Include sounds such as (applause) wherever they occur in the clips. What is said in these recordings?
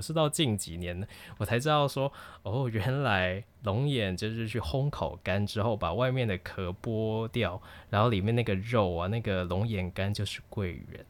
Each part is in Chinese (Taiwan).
是到近幾年，我才知道說，哦，原來龍眼就是去烘烤乾之後，把外面的殼剝掉，然後裡面那個肉啊，那個龍眼乾就是桂圓。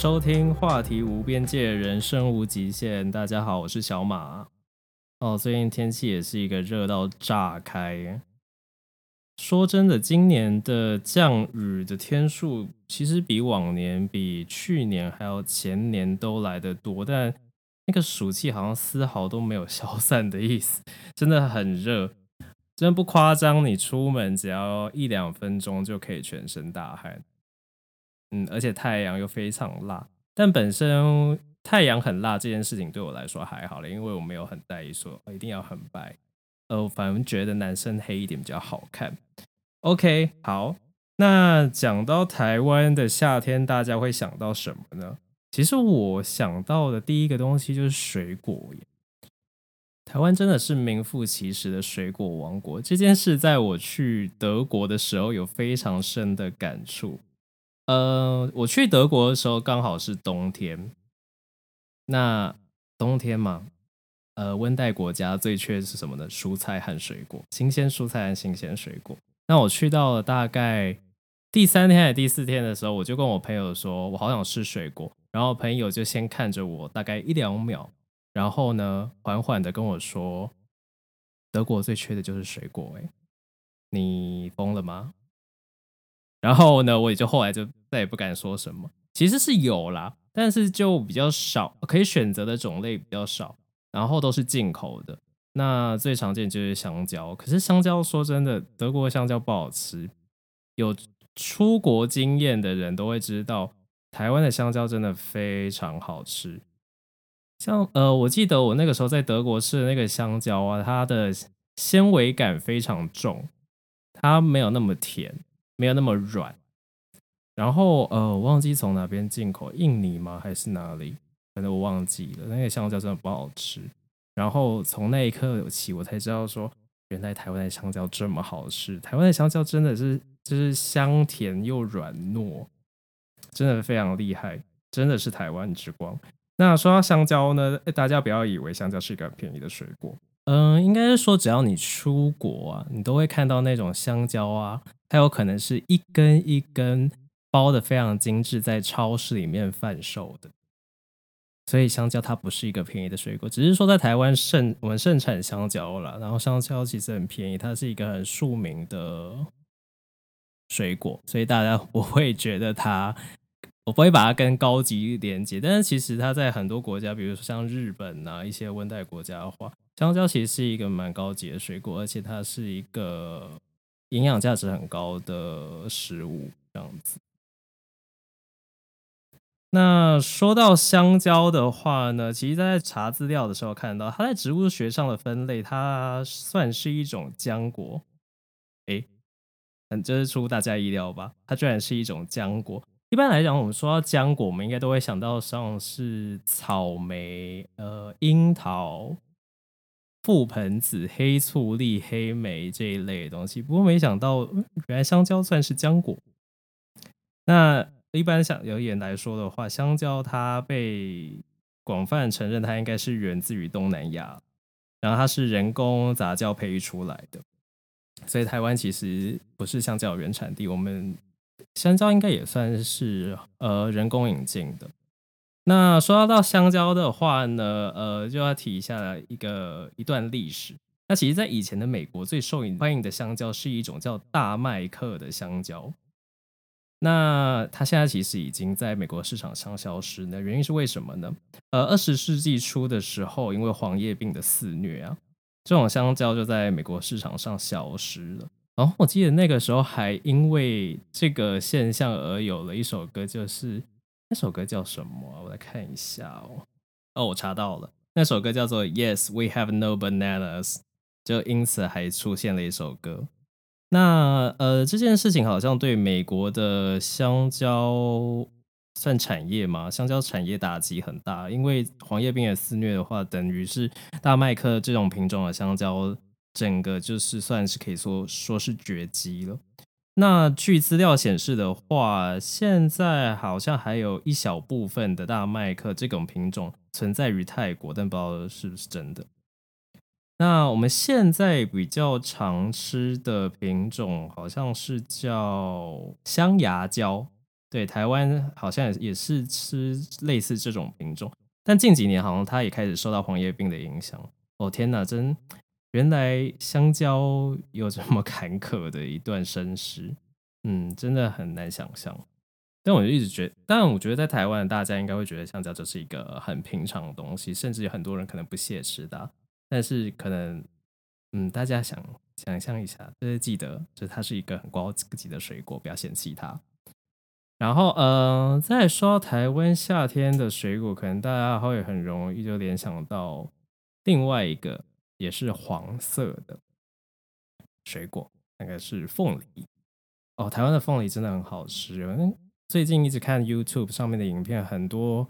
收聽話題無邊界，人生無極限。大家好，我是小馬。哦，最近天氣也是一個熱到炸開。說真的，今年的降雨的天數其實比往年、比去年還有前年都來得多，但那個暑氣好像絲毫都沒有消散的意思，真的很熱，真的不誇張。你出門只要一兩分鐘就可以全身大汗。嗯，而且太陽又非常辣，但本身太陽很辣這件事情對我來說還好了，因為我沒有很在意說一定要很白，呃，反正覺得男生黑一點比較好看。OK，好，那講到台灣的夏天，大家會想到什麼呢？其實我想到的第一個東西就是水果耶。台灣真的是名副其實的水果王國。這件事在我去德國的時候有非常深的感觸。呃，我去德國的時候剛好是冬天，那冬天嘛，呃，溫帶國家最缺的是什麼呢？蔬菜和水果，新鮮蔬菜和新鮮水果。那我去到了大概第三天還是第四天的時候，我就跟我朋友說，我好想吃水果。然後朋友就先看着我大概一兩秒，然後呢，緩緩的跟我說，德國最缺的就是水果，哎，你瘋了嗎？然後呢，我也就後來就再也不敢說什麼。其實是有啦，但是就比較少，可以選擇的種類比較少，然後都是進口的。那最常見就是香蕉，可是香蕉說真的，德國香蕉不好吃。有出國經驗的人都會知道，台灣的香蕉真的非常好吃。像呃，我記得我那個時候在德國吃的那個香蕉啊，它的纖維感非常重，它沒有那麼甜。沒有那麼軟，然後呃，我忘記從哪邊進口，印尼嗎？還是哪裡？反正我忘記了。那個香蕉真的不好吃。然後從那一刻起，我才知道說，原來台灣的香蕉這麼好吃。台灣的香蕉真的是就是香甜又軟糯，真的非常厲害，真的是台灣之光。那說到香蕉呢，大家不要以為香蕉是一個便宜的水果。嗯，應該是說只要你出國啊，你都會看到那種香蕉啊。它有可能是一根一根包的非常精緻，在超市裡面販售的。所以香蕉它不是一個便宜的水果，只是說在台灣盛我們盛產香蕉啦，然後香蕉其實很便宜，它是一個很庶民的水果。所以大家不會覺得它，我不會把它跟高級連接。但是其實它在很多國家，比如說像日本吶、啊、一些溫帶國家的話，香蕉其實是一個蠻高級的水果，而且它是一個。營養價值很高的食物這樣子。那說到香蕉的話呢，其實在查資料的時候看到，它在植物學上的分類，它算是一種漿果。欸，很就是出乎大家意料吧？它居然是一種漿果。一般來講，我們說到漿果，我們應該都會想到像是草莓、呃，櫻桃。覆盆子、黑醋栗、黑莓這一類的東西，不過沒想到，原來香蕉算是漿果。那一般像謠言來說的話，香蕉它被廣泛承認，它應該是源自於東南亞，然後它是人工雜交培育出來的，所以台灣其實不是香蕉原產地。我們香蕉應該也算是呃人工引進的。那說到香蕉的話呢，呃，就要提一下一個一段歷史。那其實在以前的美國，最受歡迎的香蕉是一種叫大麥克的香蕉。那它現在其實已經在美國市場上消失了，那原因是為什麼呢？呃，二十世紀初的時候，因為黃葉病的肆虐啊，這種香蕉就在美國市場上消失了。然後我記得那個時候還因為這個現象而有了一首歌，就是。那首歌叫什麼、啊？我來看一下哦、喔。哦、oh，我查到了，那首歌叫做《Yes We Have No Bananas》，就因此還出現了一首歌。那呃，這件事情好像對美國的香蕉算產業嗎？香蕉產業打擊很大，因為黃葉病的肆虐的話，等於是大麥克這種品種的香蕉，整個就是算是可以說說是絕跡了。那據資料顯示的話，現在好像還有一小部分的大麥克這種品種存在於泰國，但不知道是不是真的。那我們現在比較常吃的品種好像是叫香牙蕉，對，台灣好像也是吃類似這種品種，但近幾年好像它也開始受到黃葉病的影響。哦天哪，真。原來香蕉有這麼坎坷的一段身世，嗯，真的很難想象。但我就一直覺得，但我覺得在台灣，大家應該會覺得香蕉就是一個很平常的東西，甚至有很多人可能不屑吃的、啊。但是，可能，嗯，大家想想象一下，就是記得，就是它是一個很高級的水果，不要嫌棄它。然後，嗯、呃，再說台灣夏天的水果，可能大家會很容易就聯想到另外一個。也是黃色的水果，那個是鳳梨。哦，台灣的鳳梨真的很好吃。最近一直看 YouTube 上面的影片，很多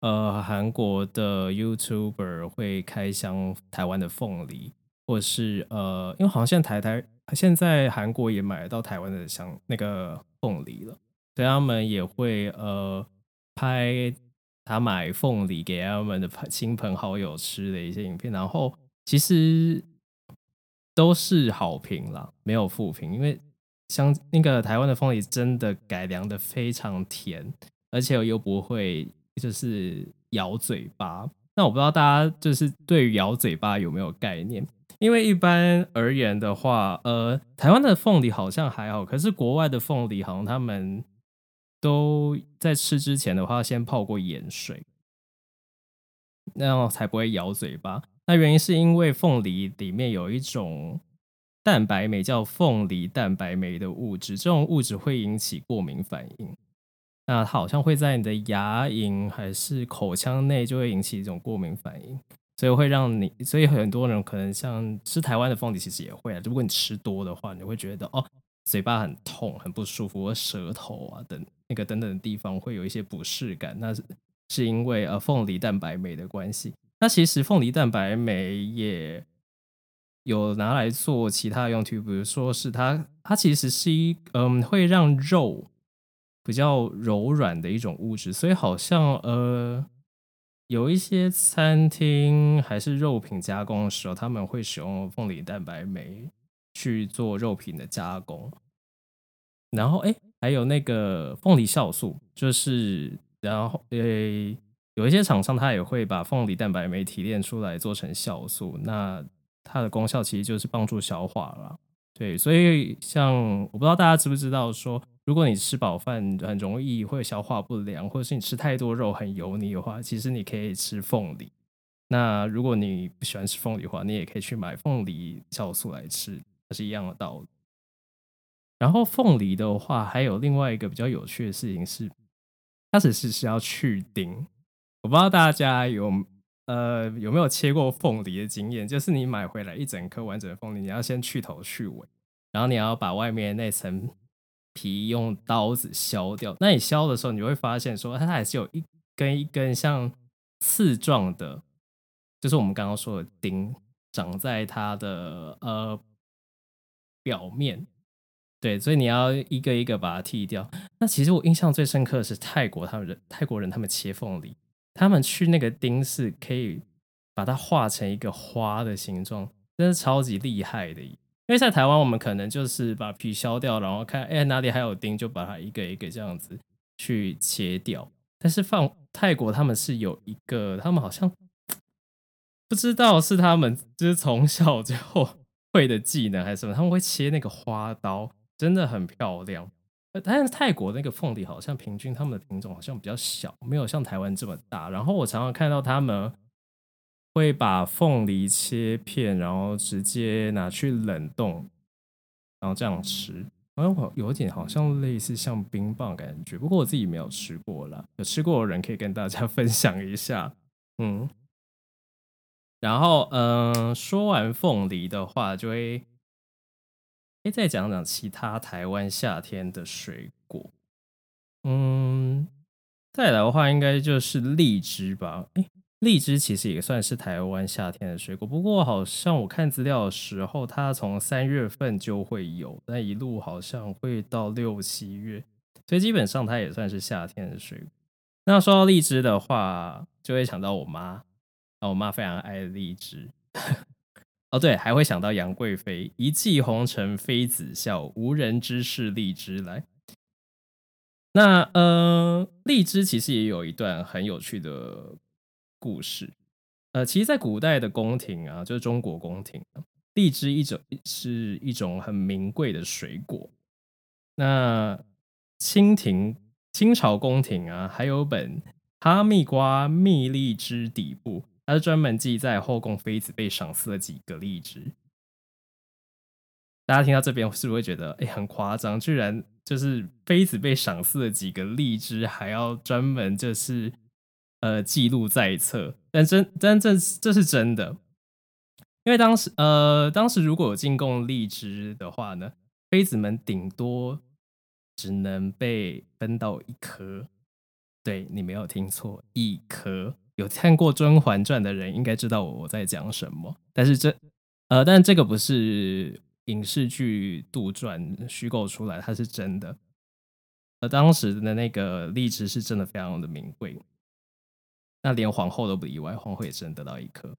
呃韓國的 YouTuber 會開箱台灣的鳳梨，或是呃因為好像現在台台現在韓國也買得到台灣的香那個鳳梨了，所以他們也會呃拍他買鳳梨給他們的朋親朋好友吃的一些影片，然後。其實都是好評啦，沒有負評，因為像那個台灣的鳳梨真的改良的非常甜，而且我又不會就是咬嘴巴。那我不知道大家就是對於咬嘴巴有沒有概念？因為一般而言的話，呃，台灣的鳳梨好像還好，可是國外的鳳梨好像他們都在吃之前的話，先泡過鹽水，那樣才不會咬嘴巴。那原因是因為鳳梨裡面有一種蛋白酶，叫鳳梨蛋白酶的物質，這種物質會引起過敏反應。那它好像會在你的牙齦還是口腔內就會引起一種過敏反應，所以會讓你。所以很多人可能像吃台灣的鳳梨，其實也會、啊，只不過你吃多的話，你會覺得哦，嘴巴很痛，很不舒服，或舌頭啊等那個等等的地方會有一些不適感，那是是因為呃鳳梨蛋白酶的關係。它其實鳳梨蛋白酶，也有拿來做其他用途，比如說是它，它其實是一嗯會讓肉比較柔軟的一種物質，所以好像呃有一些餐廳還是肉品加工的時候，他們會使用鳳梨蛋白酶去做肉品的加工。然後哎、欸，還有那個鳳梨酵素，就是然後誒。欸有一些廠商他也會把鳳梨蛋白酶提煉出來做成酵素，那它的功效其實就是幫助消化了。對，所以像我不知道大家知不知道說，說如果你吃飽飯很容易會消化不良，或者是你吃太多肉很油膩的話，其實你可以吃鳳梨。那如果你不喜歡吃鳳梨的話，你也可以去買鳳梨酵素來吃，是一樣的道理。然後鳳梨的話，還有另外一個比較有趣的事情是，它只是需要去頂，我不知道大家有呃，有沒有切過鳳梨的經驗？就是你買回來一整顆完整的鳳梨，你要先去頭去尾，然後你要把外面那層皮用刀子削掉。那你削的時候，你會發現說它還是有一根一根像刺狀的，就是我們剛剛說的釘長在它的呃表面。對，所以你要一個一個把它剔掉。那其實我印象最深刻的是泰國他們人，泰國人他們切鳳梨。他們去那個釘是可以把它畫成一個花的形狀，真的超級厲害的。因為在台灣，我們可能就是把皮削掉，然後看，哎，哪裡還有釘，就把它一個一個這樣子去切掉。但是放泰國，他們是有一個，他們好像，不知道是他們，就是從小就會的技能還是什麼，他們會切那個花刀，真的很漂亮。但是泰國那個鳳梨好像，平均他們的品種好像比較小，沒有像台灣這麼大。然後我常常看到他們會把鳳梨切片，然後直接拿去冷凍，然後這樣吃，好像有點好像類似像冰棒感覺。不過我自己沒有吃過啦，有吃過的人可以跟大家分享一下。嗯，然後嗯，說完鳳梨的話就會。哎，再講講其他台灣夏天的水果。嗯，再來的話，應該就是荔枝吧？哎，荔枝其實也算是台灣夏天的水果，不過好像我看資料的時候，它從三月份就會有，但一路好像會到六七月，所以基本上它也算是夏天的水果。那說到荔枝的話，就會想到我媽，啊，我媽非常愛荔枝。 (laughs) 哦，對，還會想到楊貴妃，一騎紅塵妃子笑，無人知是荔枝來。那呃，荔枝其實也有一段很有趣的故事。呃，其實，在古代的宮廷啊，就是中國宮廷，荔枝一種是一種很名貴的水果。那清廷、清朝宮廷啊，還有本《哈密瓜蜜荔枝底簿》。他是專門記載後宮妃子被賞賜了幾個荔枝，大家聽到這邊是不是會覺得哎、欸、很誇張？居然就是妃子被賞賜了幾個荔枝，還要專門就是呃記錄在冊。但真但這是這是真的，因為當時呃當時如果有進貢荔枝的話呢，妃子們頂多只能被分到一顆。對，你沒有聽錯，一顆。有看過《甄嬛傳》的人應該知道我在講什麼，但是這呃，但這個不是影視劇杜撰虛構出來，它是真的。呃，當時的那個荔枝是真的非常的名貴，那連皇後都不例外，皇後也只能得到一顆。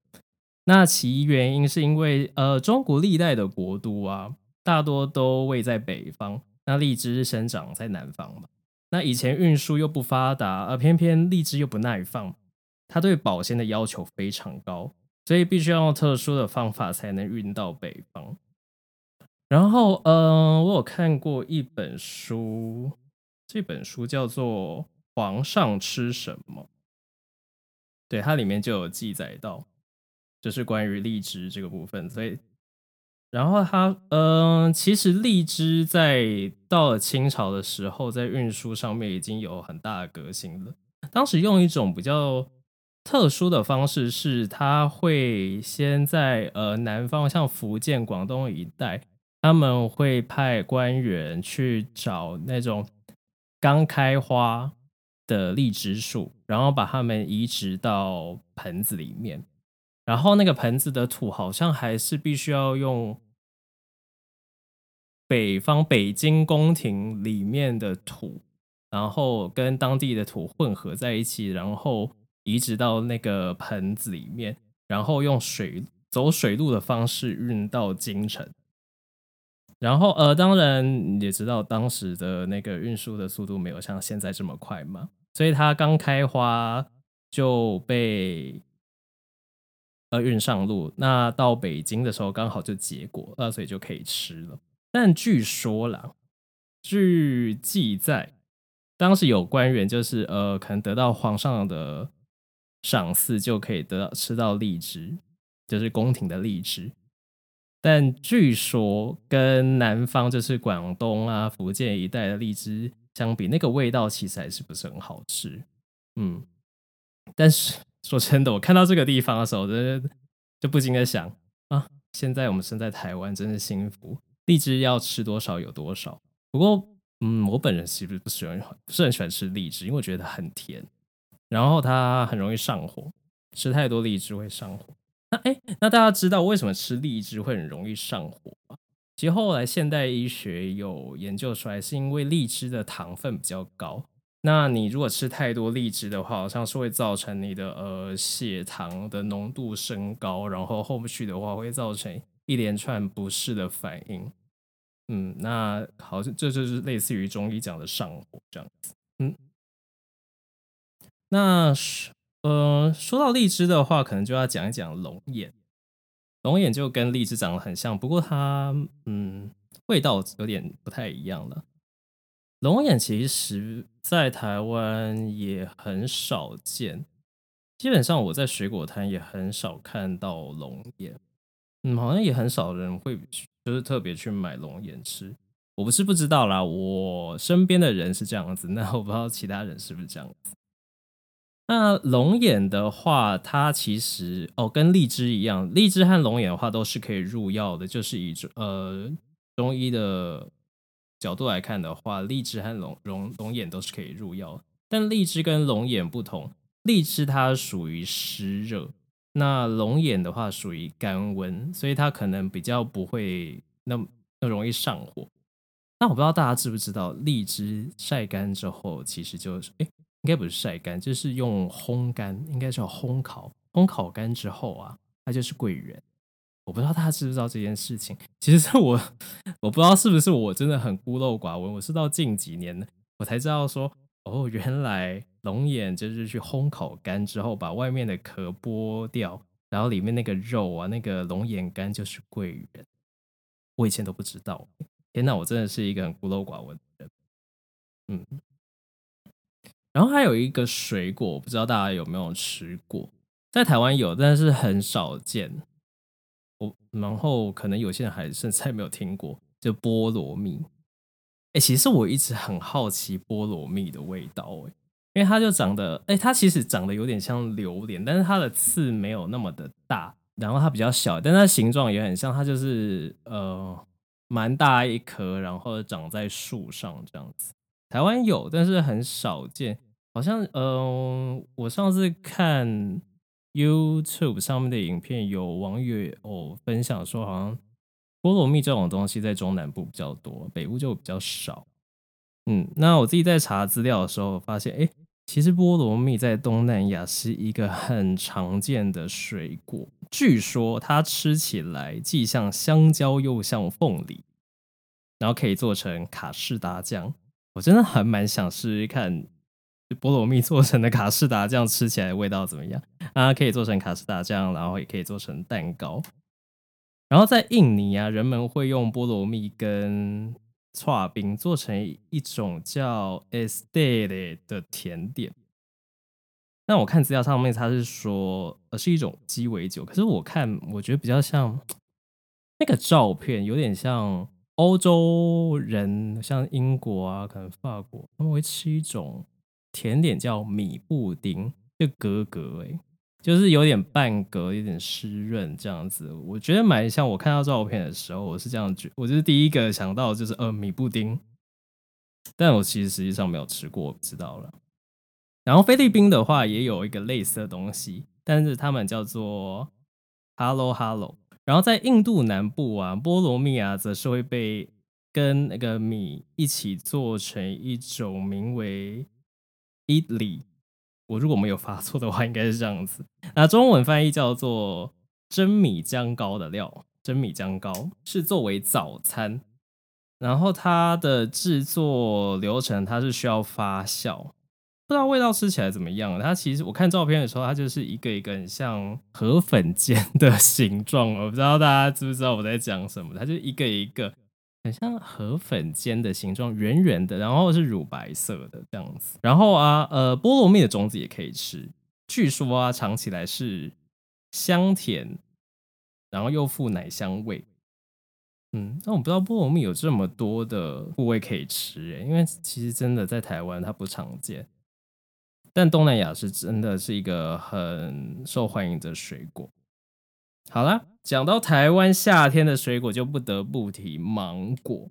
那其原因是因為呃，中國歷代的國都啊，大多都位在北方，那荔枝是生長在南方嘛，那以前運輸又不發達，而、呃、偏偏荔枝又不耐放。它對保鮮的要求非常高，所以必須要用特殊的方法才能運到北方。然後，嗯，我有看過一本書，這本書叫做《皇上吃什麼》，對，它裡面就有記載到，就是關於荔枝這個部分。所以，然後它，嗯，其實荔枝在到了清朝的時候，在運輸上面已經有很大的革新了。當時用一種比較。特殊的方式是，他會先在呃南方，像福建、廣東一帶，他們會派官員去找那種剛開花的荔枝樹，然後把它們移植到盆子裡面。然後那個盆子的土好像還是必須要用北方北京宮廷裡面的土，然後跟當地的土混合在一起，然後。移植到那個盆子裡面，然後用水走水路的方式運到京城。然後呃，當然也知道當時的那個運輸的速度沒有像現在這麼快嘛，所以它剛開花就被呃運上路。那到北京的時候剛好就結果，呃，所以就可以吃了。但據說啦，據記載，當時有官員就是呃，可能得到皇上的。賞賜就可以得到吃到荔枝，就是宮廷的荔枝。但據說跟南方，就是廣東啊、福建一帶的荔枝相比，那個味道其實還是不是很好吃。嗯，但是說真的，我看到這個地方的時候，我真的就不禁在想啊，現在我們身在台灣，真是幸福，荔枝要吃多少有多少。不過，嗯，我本人其實不喜歡，不是很喜歡吃荔枝，因為我覺得很甜。然後它很容易上火，吃太多荔枝會上火。那、啊、那大家知道為什麼吃荔枝會很容易上火嗎？其實後來現代醫學有研究出來，是因為荔枝的糖分比較高。那你如果吃太多荔枝的話，好像是會造成你的呃血糖的濃度升高，然後後續的話會造成一連串不適的反應。嗯，那好像這就是類似於中醫講的上火這樣子。嗯。那呃，說到荔枝的話，可能就要講一講龍眼。龍眼就跟荔枝長得很像，不過它嗯，味道有點不太一樣了。龍眼其實，在台灣也很少見，基本上我在水果攤也很少看到龍眼。嗯，好像也很少人會就是特別去買龍眼吃。我不是不知道啦，我身邊的人是這樣子，那我不知道其他人是不是這樣子。那龍眼的話，它其實哦，跟荔枝一樣，荔枝和龍眼的話都是可以入藥的。就是以中呃中醫的角度來看的話，荔枝和龍龍龍眼都是可以入藥。但荔枝跟龍眼不同，荔枝它屬於濕熱，那龍眼的話屬於乾溫，所以它可能比較不會那麼那容易上火。那我不知道大家知不知道，荔枝曬乾之後，其實就哎、是。欸應該不是曬乾，就是用烘乾，應該叫烘烤，烘烤乾之後啊，它就是桂圓。我不知道大家知不知道這件事情。其實我，我不知道是不是我真的很孤陋寡聞。我是到近幾年我才知道說，哦，原來龍眼就是去烘烤乾之後，把外面的殼剝掉，然後裡面那個肉啊，那個龍眼乾就是桂圓。我以前都不知道，天哪！我真的是一個很孤陋寡聞的人。嗯。然後還有一個水果，我不知道大家有沒有吃過，在台灣有，但是很少見。我然後可能有些人還甚至還沒有聽過，就菠蘿蜜。欸，其實我一直很好奇菠蘿蜜的味道，欸，因為它就長得，欸，它其實長得有點像榴蓮，但是它的刺沒有那麼的大，然後它比較小，但它的形狀也很像，它就是呃蠻大一顆，然後長在樹上這樣子。台灣有，但是很少見。好像，嗯，呃，我上次看 YouTube 上面的影片，有網友哦分享說，好像菠蘿蜜這種東西在中南部比較多，北部就比較少。嗯，那我自己在查資料的時候發現，哎，欸，其實菠蘿蜜在東南亞是一個很常見的水果。據說它吃起來既像香蕉又像鳳梨，然後可以做成卡士達醬。我真的還蠻想試試看，菠蘿蜜做成的卡士達醬，這樣吃起來的味道怎麼樣？啊，可以做成卡士達醬，然後也可以做成蛋糕。然後在印尼啊，人們會用菠蘿蜜跟刨冰做成一種叫 Estere 的甜點。但我看資料上面，它是說呃是一種雞尾酒，可是我看我覺得比較像那個照片，有點像。歐洲人像英國啊，可能法國，他們會吃一種甜點叫米布丁，就格格、欸、就是有點半格，有點濕潤這樣子。我覺得蠻像，我看到照片的時候，我是這樣覺得，我就是第一個想到的就是呃米布丁，但我其實實際上沒有吃過，不知道了。然後菲律賓的話也有一個類似的東西，但是他們叫做 Halo Halo。然後在印度南部啊，菠蘿蜜啊，則是會被跟那個米一起做成一種名為伊利，我如果沒有發錯的話，應該是這樣子。那中文翻譯叫做蒸米漿糕的料，蒸米漿糕是作為早餐。然後它的製作流程，它是需要發酵。不知道味道吃起來怎麼樣？它其實我看照片的時候，它就是一個一個很像河粉煎的形狀。我不知道大家知不知道我在講什麼？它就是一個一個很像河粉煎的形狀，圓圓的，然後是乳白色的這樣子。然後啊，呃，菠蘿蜜的種子也可以吃，據說啊，嘗起來是香甜，然後又富奶香味。嗯，但我不知道菠蘿蜜有這麼多的部位可以吃誒、欸，因為其實真的在台灣它不常見。但東南亞是真的是一個很受歡迎的水果。好啦，講到台灣夏天的水果，就不得不提芒果。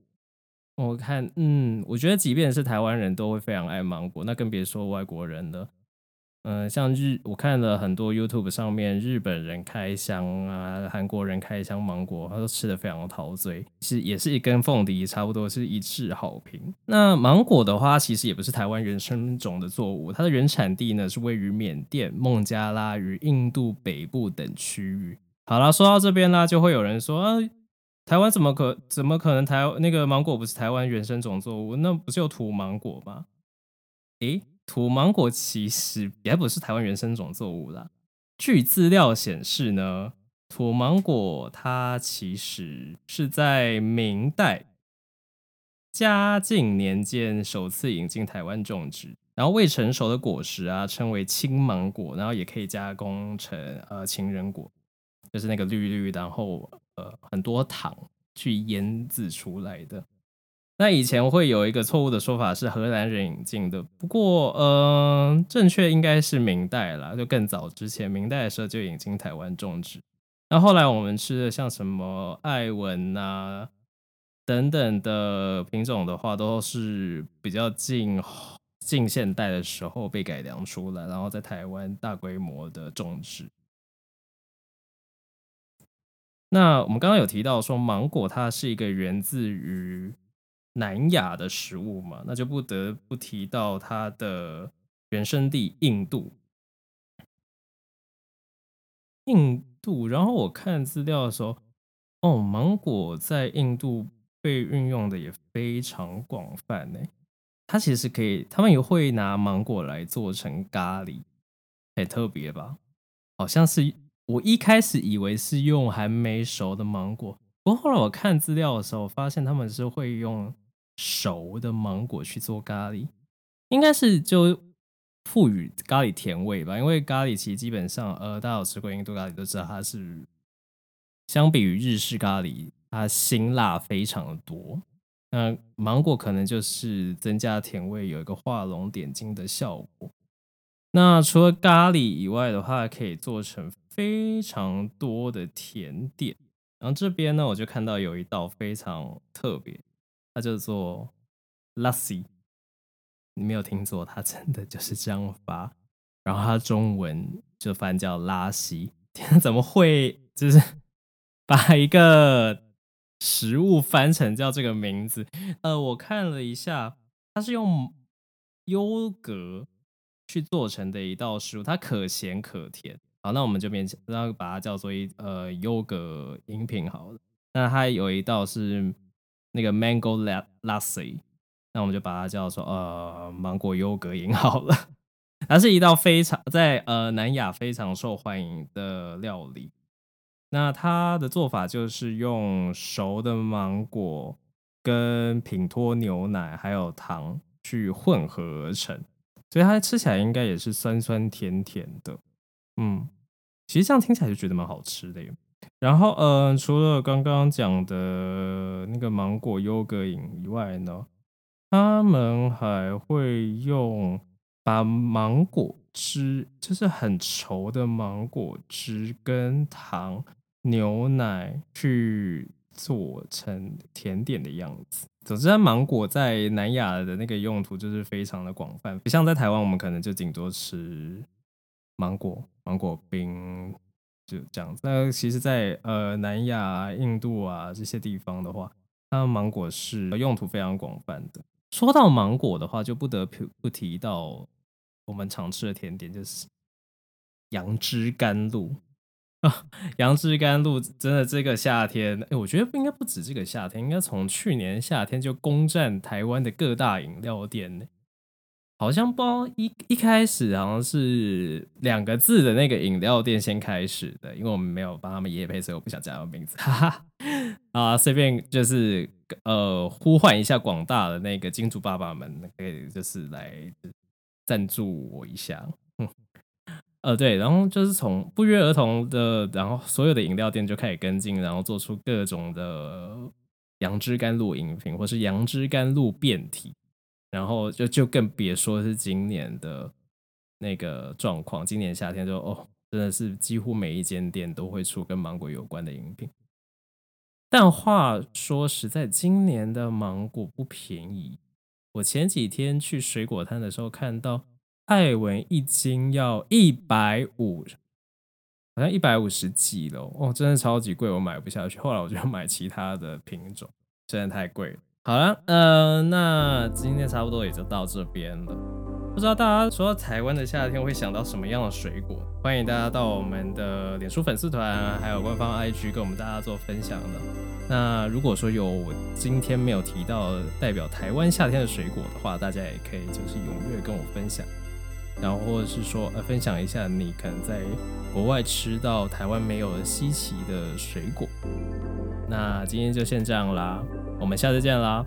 我看，嗯，我覺得即便是台灣人都會非常愛芒果，那更別說外國人了。嗯，像日我看了很多 YouTube 上面日本人開箱啊，韓國人開箱芒果，他都吃得非常陶醉，其實也是一跟鳳梨差不多是一致好評。那芒果的話，其實也不是台灣原生種的作物，它的原產地呢是位於緬甸、孟加拉與印度北部等區域。好啦，說到這邊啦，就會有人說啊，台灣怎麼可怎麼可能台那個芒果不是台灣原生種作物？那不就土芒果嗎？誒、欸？土芒果其實也不是台灣原生種作物啦，據資料顯示呢，土芒果它其實是在明代嘉靖年間首次引進台灣種植，然後未成熟的果實啊稱為青芒果，然後也可以加工成呃情人果，就是那個綠綠，然後呃很多糖去醃製出來的。那以前會有一個錯誤的說法是荷蘭人引進的，不過呃，正確應該是明代啦，就更早之前，明代的時候就引進台灣種植。那後，後來我們吃的像什麼愛文啊等等的品種的話，都是比較近近現代的時候被改良出來，然後在台灣大規模的種植。那我們剛剛有提到說，芒果它是一個源自於。南亞的食物嘛，那就不得不提到它的原生地——印度。印度。然後我看資料的時候，哦，芒果在印度被運用的也非常廣泛呢。它其實可以，他們也會拿芒果來做成咖喱，很特別吧？好像是我一開始以為是用還沒熟的芒果，不過後來我看資料的時候，發現他們是會用。熟的芒果去做咖喱，應該是就賦予咖喱甜味吧。因為咖喱其實基本上，呃，大家有吃過印度咖喱都知道，它是相比於日式咖喱，它辛辣非常的多。那芒果可能就是增加甜味，有一個畫龍點睛的效果。那除了咖喱以外的話，可以做成非常多的甜點。然後這邊呢，我就看到有一道非常特別。它叫做拉西，你沒有聽錯，它真的就是這樣發。然後它中文就翻叫拉西，怎麼會就是把一個食物翻成叫這個名字？呃，我看了一下，它是用優格去做成的一道食物，它可鹹可甜。好，那我們就勉強，那把它叫做一呃優格飲品好了。那它有一道是。那個 mango lassi，那我們就把它叫做呃芒果優格飲好了。 (laughs) 它是一道非常在呃南亞非常受歡迎的料理。那它的做法就是用熟的芒果跟品托牛奶還有糖去混合而成，所以它吃起來應該也是酸酸甜甜的。嗯，其實這樣聽起來就覺得蠻好吃的耶。然後，嗯、呃，除了剛剛講的那個芒果優格飲以外呢，他們還會用把芒果汁，就是很稠的芒果汁跟糖、牛奶去做成甜點的樣子。總之，芒果在南亞的那個用途就是非常的廣泛，不像在台灣，我們可能就頂多吃芒果、芒果冰。就這樣子，那其實在，在呃南亞、啊、印度啊這些地方的話，它的芒果是用途非常廣泛的。說到芒果的話，就不得不不提到我們常吃的甜點，就是楊枝甘露啊。楊枝甘露真的這個夏天，誒我覺得不應該不止這個夏天，應該從去年夏天就攻佔台灣的各大飲料店呢。好像包一一開始好像是兩個字的那個飲料店先開始的，因為我們沒有幫他們業配，所以我不想講他們名字，哈哈啊，隨便就是呃呼喚一下廣大的那個金主爸爸們，可以就是來贊助我一下，呃、嗯啊、對，然後就是從不約而同的，然後所有的飲料店就開始跟進，然後做出各種的楊枝甘露飲品或是楊枝甘露變體。然後就就更別說是今年的那個狀況，今年夏天就哦，真的是幾乎每一間店都會出跟芒果有關的飲品。但話說實在，今年的芒果不便宜。我前幾天去水果攤的時候，看到愛文一斤要一百五，好像一百五十幾了哦，真的超級貴，我買不下去。後來我就買其他的品種，真的太貴了。好了，嗯、呃，那今天差不多也就到這邊了。不知道大家說到台灣的夏天會想到什麼樣的水果？歡迎大家到我們的臉書粉絲團，還有官方 IG 跟我們大家做分享的。那如果說有我今天沒有提到代表台灣夏天的水果的話，大家也可以就是踴躍跟我分享，然後或者是說呃分享一下你可能在國外吃到台灣沒有稀奇的水果。那今天就先這樣啦。我們下次見啦。